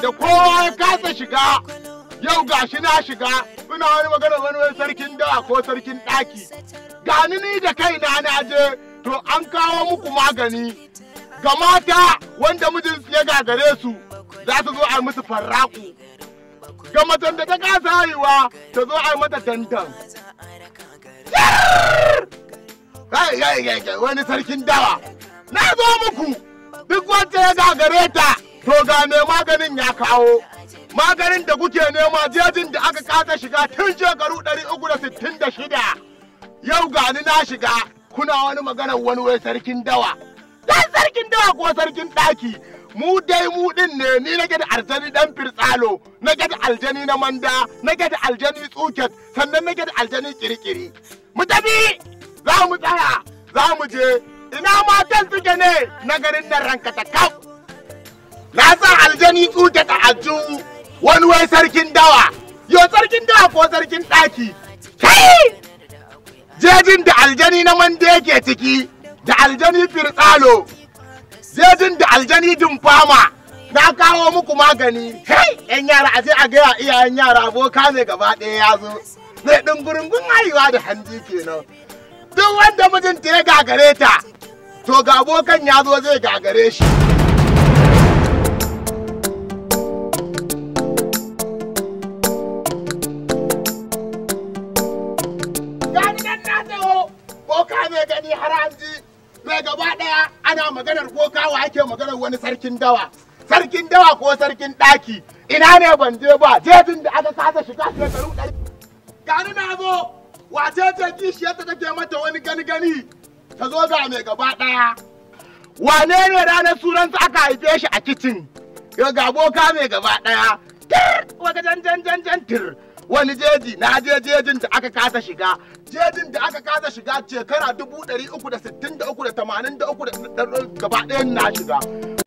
da kowa ya kasa shiga yau gashi na shiga ina wani magana wani sarkin dawa ko sarkin ɗaki gani ni da kaina na je to an kawo muku magani ga mata wanda mijinsu ya gagare su za su zo a yi musu farraku ga macen da ta kasa haihuwa ta zo a yi mata tantan wani sarkin dawa na zo muku duk wacce ya gagare ta to ga mai maganin ya kawo maganin da kuke nema jejin da aka kasa shiga tun shekaru 366 yau gani na shiga kuna wani maganar wani wai sarkin dawa dan sarkin dawa ko sarkin ɗaki, mu dai mu din ne ni na gada aljani dan firtsalo na gada aljani na manda na gada aljani tsuket sannan na gada aljani kirkiri mu tafi za mu tsaya za mu je ina matan suke ne na garin nan ranka ta kaf na sa aljani tsuke ta aljihu wani wai sarkin dawa yo sarkin dawa ko sarkin ɗaki kai jejin da aljani na man da yake ciki da aljani firtsalo jejin da aljani dumfama na kawo muku magani kai yan yara aje a gaya iyayen yara aboka ne gaba ɗaya ya zo mai gun haihuwa da hanji kenan duk wanda mijinta ya gagare ta to ga abokan ya zo zai gagare shi maganar boka kawo ake maganar wani sarkin dawa sarkin dawa ko sarkin daki ina ne ban je ba jejin da aka kasa shiga shekaru ɗari gani na zo wace ce kishiyar ta take mata wani gani gani ta zo ga mai gaba ɗaya wane ne ranar sunansa aka haife shi a kicin ga boka mai gaba ɗaya tir jan jan jan jan tir wani jeji na je jejin da aka kasa shiga jejin da aka kasa shiga shekara dubu ɗari uku da sittin da uku da tamanin da uku da gaba ɗayan na shiga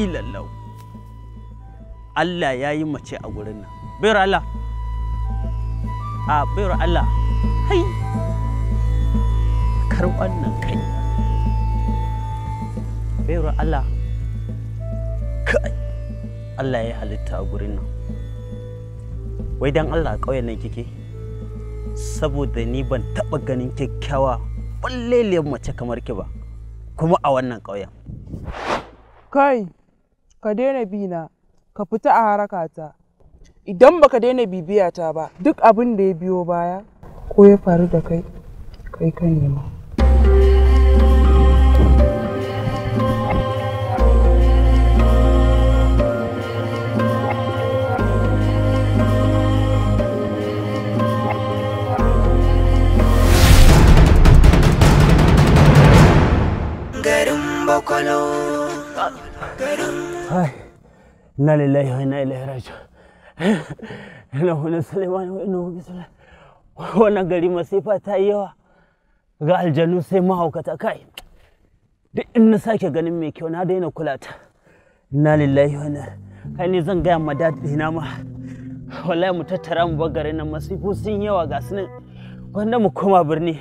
ilallau Allah ya yi mace a gurin nan bayar Allah a bayar Allah hai kar wannan kai bayar Allah kai Allah ya halitta a gurin nan wai dan Allah ƙauyen nan kike saboda ni ban taɓa ganin kyakkyawa ɓalleliyar mace kamar ki ba kuma a wannan ƙauyen kai ka daina bi na ka fita a harakata idan baka daina bibiya ta ba duk abin da ya biyo baya ko ya faru da kai kai ka nema inna lillahi wa inna ilaihi raji'un eh, inna huna sulaiman wa inna wannan gari masifa ta yi yawa ga aljanu sai mahaukata kai duk in na sake ganin mai kyau na daina kula ta inna lillahi wa inna kai zan gaya ma daɗi na ma wallahi mu tattara mu bar garin nan masifu sun yawa ga su mu koma birni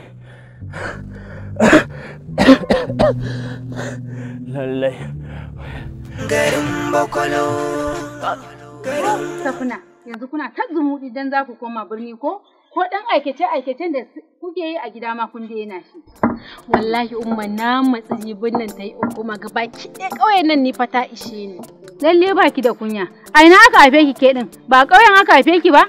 garin bakwalo yanzu kuna ta zumuɗi don za ku koma birni ko ko dan aikace aikacen da kuke yi a gida ma kun daina shi wallahi umma na matsi ni nan ta yi kuma ga baki ɗaya ƙauyen nan ni fa ta ishe ni lalle baki da kunya a ina aka haife ki ke din ba ƙauyen aka haife ki ba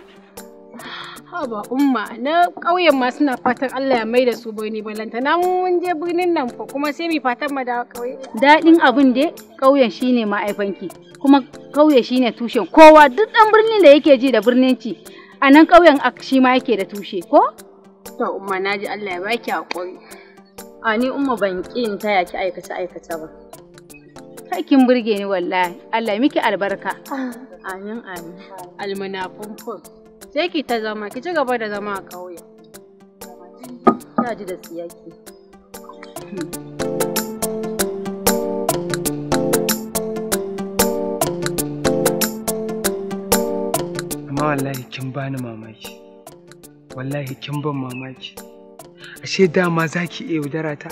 Haba umma na ƙauyen ma suna fatan Allah ya mai da su birni balanta na mun je birnin nan fa kuma sai mu fatan ma da ƙauye. Daɗin abin da ƙauyen shine ma'aifanki kuma ƙauye shine tushen kowa duk ɗan birnin da yake ji da birnin ci a nan ƙauyen shi ma yake da tushe ko? To umma na ji Allah ya baki haƙuri. A ni umma ban ƙi in taya ki aikata aikata ba. Kin burge ni wallahi Allah miki albarka. Amin amin. Almunafun fun. sai ki ta zama ki ci gaba da zama a ƙauye ta ji da tsiyaki amma wallahi kin bani mamaki wallahi kin ban mamaki ashe dama za ki iya yaudara ta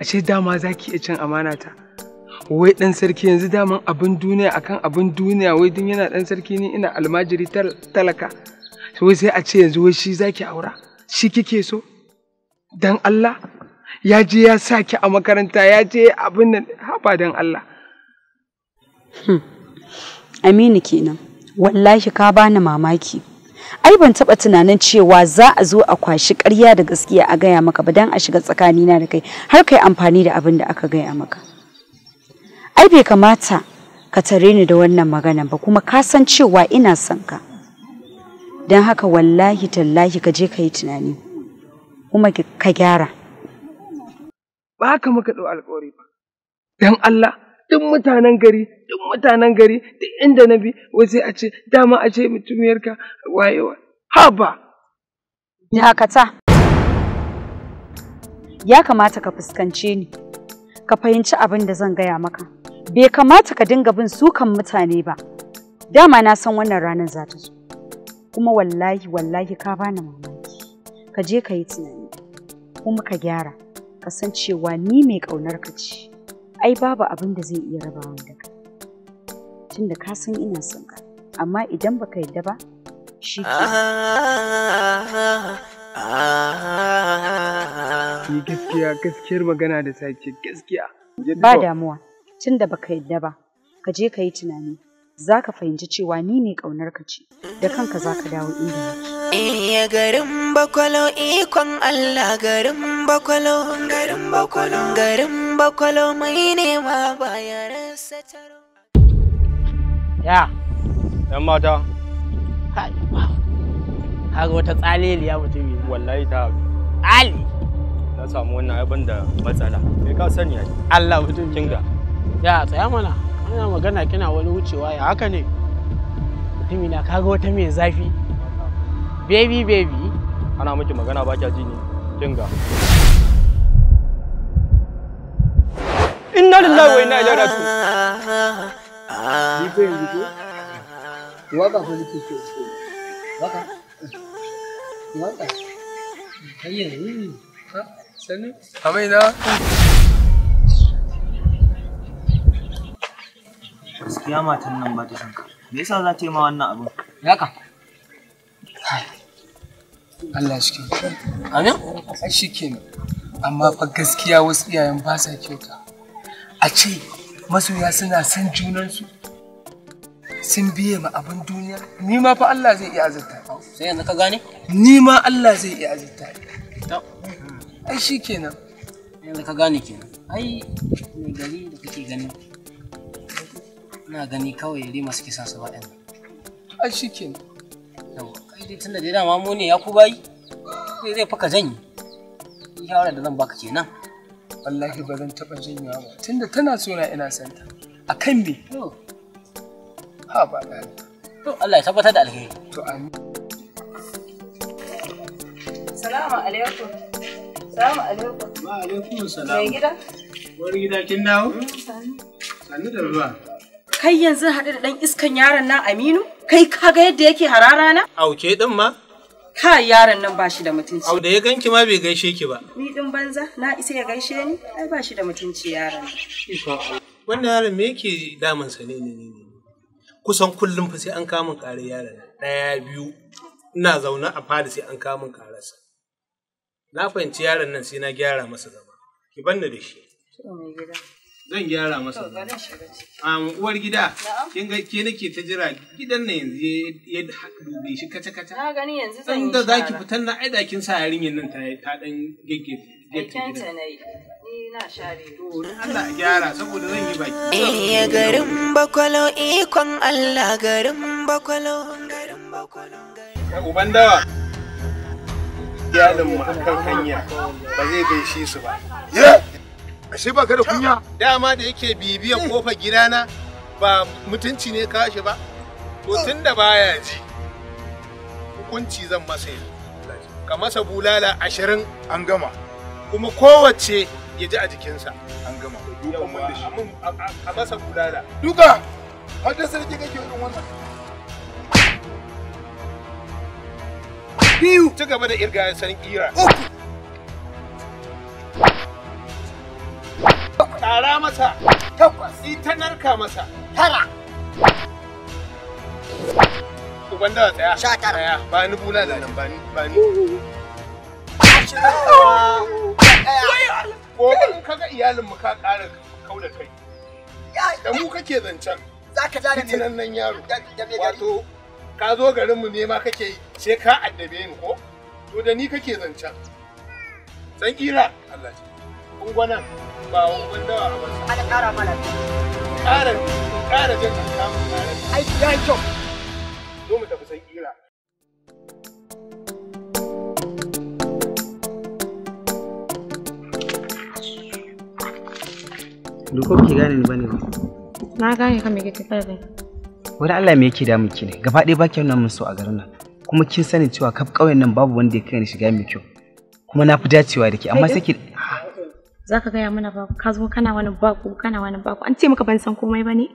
ashe dama za ki iya cin amana ta wai dan sarki yanzu daman abin duniya akan abin duniya wai din yana dan sarki ni ina almajiri talaka to sai a ce yanzu wai shi zaki aura shi kike so dan Allah ya je ya sa a makaranta ya je abin nan haba dan Allah hmm. Aminu kenan wallahi ka bani mamaki ai ban taba tunanin cewa za a zo a kwashi ƙarya da gaskiya a gaya maka ba dan a shiga tsakanina da kai har kai amfani da abin da aka gaya maka ai bai kamata ka tare ni da wannan magana ba kuma ka san cewa ina son ka don haka wallahi tallahi ka je ka yi tunani kuma ka gyara ba haka muka ɗau alƙawari ba don Allah duk mutanen gari duk mutanen gari duk inda na bi wai sai a ce dama a ce mutumiyarka wayewa haba ta. ya kamata ka fuskance ni ka fahimci abin da zan gaya maka bai kamata ka dinga bin sukan mutane ba dama na san wannan ranar za ta zo kuma wallahi wallahi ka bani mamaki ka je ka yi tunani kuma ka gyara ka san cewa ni mai ƙaunar ka ce ai babu abin da zai iya raba da ka tunda ka san ina son ka amma idan baka yarda ba shi ke gaskiya gaskiyar magana da sake gaskiya ba damuwa tunda baka yarda ba ka je ka yi tunani za ka fahimci cewa ni ne ƙaunarka ce da kanka za ka dawo inda ya eh, garin bakwalo ikon Allah garin bakwalo garin bakwalo garin bakwalo mai nema ba ya rasa taro. Ya, ‘yan mata. Kai, kaga wata tsaleliya mutum yi. Wallahi ta Ali. Na samu wannan abin da matsala. Kai ka sani ai. Allah mutum. Kinga. Ya, tsaya mana. ana magana kina wani wucewa ya haka ne mutumi na kaga wata mai zafi baby baby ana miki magana ba kya ji ne kinga inna lillahi wa inna ilaihi raji'un ni fa yanzu ko waka ko nake ko waka waka kai ne ha sanin amai na ya matan nan ba ta san ka me yasa za ta yi ma wannan abin ka Allah shi ke amin a shi ke amma fa gaskiya wasu iyayen ba sa kyauta a ce masoya suna son junansu sun biye ma abin duniya ni ma fa Allah zai iya azurta sai yanzu ka gane ni ma Allah zai iya azurta ai shi kenan yanzu ka gane kenan ai mai gari da kake ganin ina gani kawai rima suke son su waɗanda a shi ke kai dai tunda da dama mu ne ya ku bayi sai zai fuka janyi shawara da zan baka kenan wallahi ba zan taɓa janyewa ba tunda tana suna ina ina santa a kan me ha ba to Allah ya tabbatar da alheri to amin salamu alaikum salamu alaikum wa alaikum salam mai gida wani gida kin dawo hmm, Sani da ruwa kai yanzu haɗu da ɗan iskan yaron nan Aminu? Kai kaga yadda yake harara na? Auke ɗin ma? Ka yaron nan bashi da mutunci. Au da ya ganki ma bai gaishe ki ba. Ni ɗin banza na isa ya gaishe ni? Ai bashi da mutunci yaron. Wannan yaron me yake damun sa ne ne Kusan kullum fa sai an kama kare yaron ɗaya biyu ina zaune a fada sai an kamun karasa. Na fahimci yaron nan sai na gyara masa zama. Ki banna da shi. Zan gyara masa. A uwar gida, kin ga ke nake ta jira gidan nan yanzu ya dube shi kaca kaca. Na gani yanzu zan yi shara. za ki na ai dakin sa yarinyar nan ta ta dan gegge. ta na yi. Allah gyara saboda zan yi baki. Eh garin bakwalo ikon Allah garin bakwalo garin bakwalo. Uban dawa. Iyalinmu akan hanya ba zai gaishe su ba. Yeah! ashe ba ka da kunya dama da yake bibiyan eh. kofa gidana ba mutunci ne ka shi ba to oh. tunda baya ji hukunci zan masa yi ka masa bulala ashirin an gama kuma kowace ya ji a jikinsa an gama a masa bulala duka da sarki kake irin wannan biyu ci gaba da irga sanin kira tsara masa takwas yi ta narka masa tara uban da tsaya sha tara ya ba ni bula da nan ba ni ba ni ko in kaga iyalin mu ka ƙara kauda kai da mu kake zancen zaka da tunan nan yaro wato ka zo garin mu ne ma kake sai ka addabe ni ko to da ni kake zancen san kira Allah ungwanan ba ungwan dawa a masa. Ana ƙara mana. Ƙara ƙara jin samun ƙara. Aiki ya yi kyau. Zo mu tafi sai ƙira. Duk ki gane ni bane ba. Na gane ka me ke tafiyar Wani Allah me yake damu ki ne? Gaba ɗaya ba ki nuna min so a garin nan. Kuma kin sani cewa kaf ƙauyen nan babu wanda ya kai ni shiga mai kyau. Kuma na fi dacewa da ke amma sai ki za ka gaya mana baku ka zo kana wani baku kana wani baku an ce maka ban san komai ba ne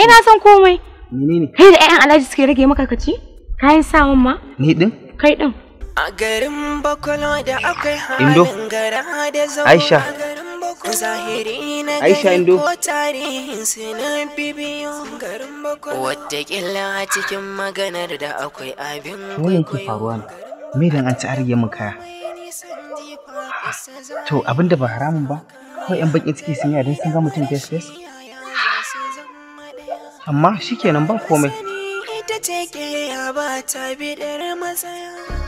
ai na san komai menene kai da ƴaƴan alhaji suke rage maka kaci kayan sawan ma ni din kai din a garin bakwalo da akwai halin gara da zama aisha aisha indo Wata tarihin a cikin maganar da akwai abin kwaikwayo wannan ke faruwa ne me dan an ci arge mun kaya to abin da ba haramun ba kawai yan bakin ciki sun yi don sun ga mutum face face amma kenan ba komai ita ce ke ya ba ta bidar matsaya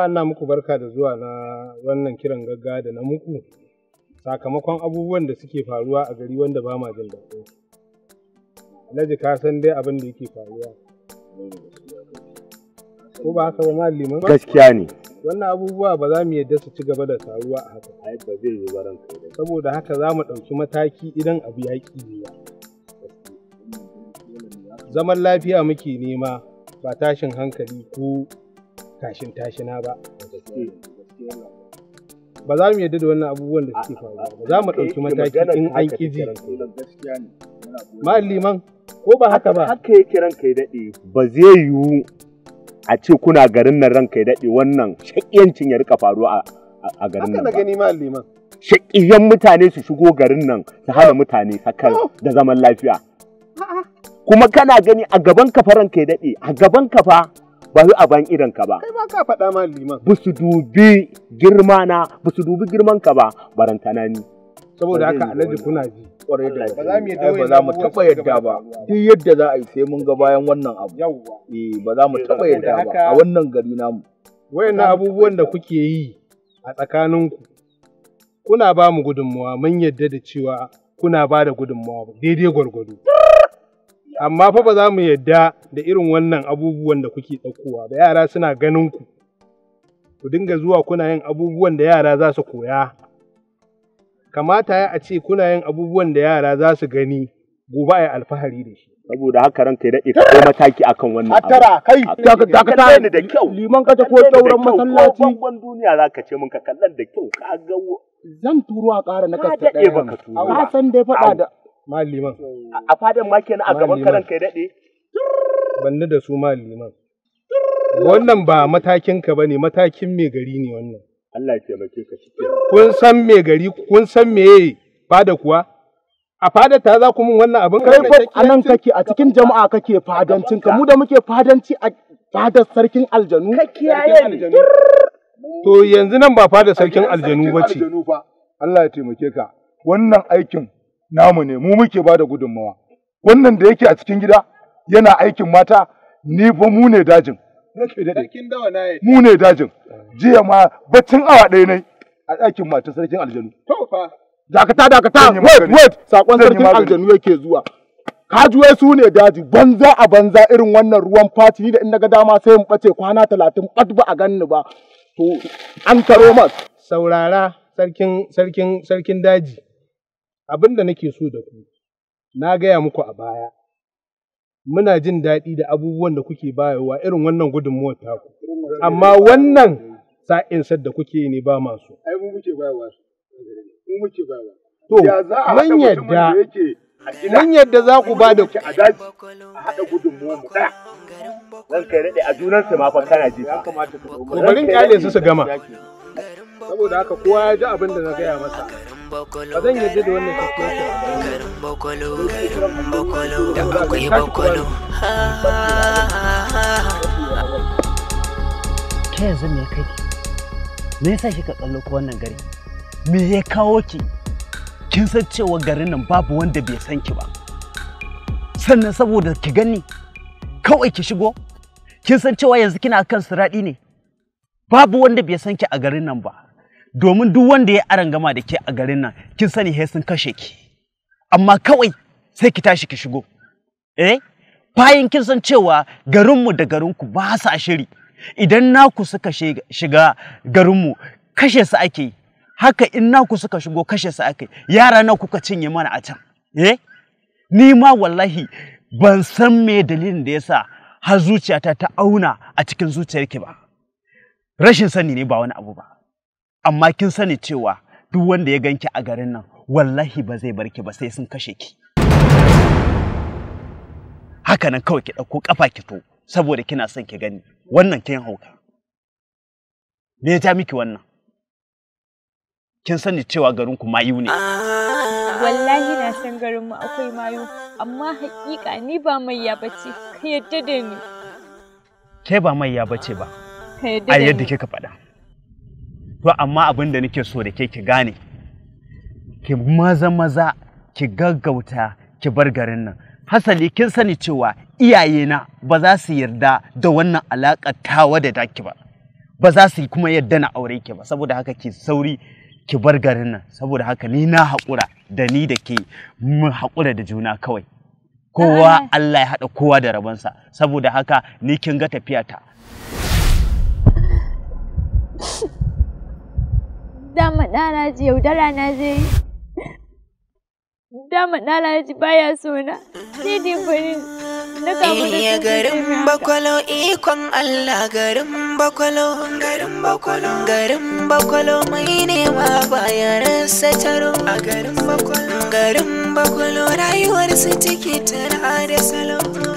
jama'a na muku barka da zuwa na wannan kiran gaggawa da na muku sakamakon abubuwan da suke faruwa a gari wanda ba ma jin daɗi alhaji ka san dai abin da yake faruwa ko ba haka ba malima gaskiya ne wannan abubuwa ba za mu yadda su ci gaba da faruwa a haka ba zai yi baran saboda haka za mu ɗauki mataki idan abu ya ƙi zaman lafiya muke nema ba tashin hankali ko tashin tashina ba ba za mu yarda da wannan abubuwan da suke faruwa ba za mu ɗauki mataki in an ƙi ji liman ko ba haka ba haka yake kiran kai daɗe ba zai yiwu a ce kuna garin nan ranka ya daɗe wannan shaƙiyancin ya rika faruwa a garin nan ba. gani ma liman. Shaƙiyan mutane su shigo garin nan su hana mutane sakar oh! da zaman lafiya. Kuma kana gani a gaban kafa ranka ya daɗe a gaban kafa ba a abin irin ka ba. Kai ba ka faɗa ma liman. Ba su dubi girma na, ba su dubi girman ka ba, na ni. Saboda haka alaji kuna ji. Kwarai da ba za mu yadda ba za mu taɓa yadda ba. Duk yadda za a yi sai mun ga bayan wannan abu. Yawwa. Eh, ba za mu taɓa yadda ba a wannan gari namu. Wayannan abubuwan da kuke yi a tsakaninku kuna ba mu gudunmuwa mun yadda da cewa kuna ba da ba daidai gwargwado. amma fa ba za mu yadda da irin wannan abubuwan da kuke ɗaukowa ba yara suna ganin ku ku dinga zuwa kuna yin abubuwan da yara za su koya kamata ya a ce kuna yin abubuwan da yara za su gani gobe a yi alfahari da shi saboda haka ranka ya daɗe ko mataki akan wannan abu tara kai dakata da kyau liman ka ta ko tauran masallaci bangon duniya ce mun ka kallan da kyau ka ga zan turo a ƙara na kasta ɗaya ka san dai faɗa da Maliman. A fadan ma kenan a gaban karan kai daɗe. Banni da su maliman. Wannan ba matakin ka bane matakin mai gari ne wannan. Allah ya taimake ka shi. Kun san mai gari kun san meye fada kuwa? A fada ta za ku mun wannan abin kai fa anan kake a cikin jama'a kake fadancin ka mu da muke fadanci a fadar sarkin aljanu. Kake kiyaye To yanzu nan ba fadar sarkin aljanu ba ce. Allah ya taimake ka. Wannan aikin namu ne mu muke bada gudunmawa wannan da yake a cikin gida yana aikin mata ni fa mu ne dajin mu ne dajin jiya ma baccin awa ɗaya ne a ɗakin mata sarkin aljanu dakata dakata wait wait sakon sarkin aljanu yake zuwa kajuwe su ne daji banza a banza irin wannan ruwan fati ni da in naga dama sai mu bace kwana talatin bat ba a ganni ba to an taro mas saurara sarkin sarkin sarkin daji Abin da nake so da ku, na gaya muku a baya, muna jin daɗi da abubuwan da kuke bayarwa irin wannan gudunmuwar taku. Amma wannan sa'in da kuke ne ba masu. su, mu To, mun yadda, mun yadda za ku ba da ku. A a Ku bari su su gama. Saboda haka kowa ya ji abin da na gaya masa. bokolo garin bokolo garin bokolo da akwai bokolo ta yanzu me kai me yasa kika kallo ko wannan gari me ya kawo ki kin san cewa garin nan babu wanda bai san ki ba sannan saboda ki gani kawai ki shigo kin san cewa yanzu kina kan siraɗi ne babu wanda bai san ki a garin nan ba domin duk wanda ya arangama da ke a garin nan kin sani he sun kashe ki amma kawai sai ki tashi ki shigo eh bayan kin san cewa garinmu da garinku ba a shiri idan naku suka shiga garinmu kashe su ake yi haka in naku suka shigo kashe su ake yara na kuka cinye mana a can eh ni ma wallahi ban san me dalilin da yasa har zuciyata ta auna a cikin zuciyarki ba rashin sani ne ba wani abu ba amma kin sani cewa duk wanda ya ganki a garin nan wallahi ba zai barki ba sai sun kashe ki haka nan kawai ki ɗauko ƙafa ki to saboda kina son ki gani wannan kin hauka me ya ja miki wannan kin sani cewa garin ku mayu ne wallahi na san garin mu akwai mayu amma haƙiƙa ni ba maiya bace ka yadda da ni ke ba maiya bace ba a yadda kika faɗa to amma abin da nake so da ke ki gane ki maza maza ki gaggauta ki bar garin nan hasali kin sani cewa iyayena ba za su yarda da wannan alaƙa tawa da daki ba ba za su kuma yarda na aure ki ba saboda haka ki sauri ki bar garin nan saboda haka ni na haƙura da ni da ke mun haƙura da juna kawai kowa Allah ya haɗa kowa da rabansa saboda haka ni kin ga tafiyata dama ɗana ji yaudara na je yi dama ɗana ji baya sona ni dimfani na kamu da ya garin bakwalo ikon Allah garin bakwalo garin bakwalo garin bakwalo mai nema baya rasa taro a garin bakwalo garin bakwalo rayuwar su tiki tana da salo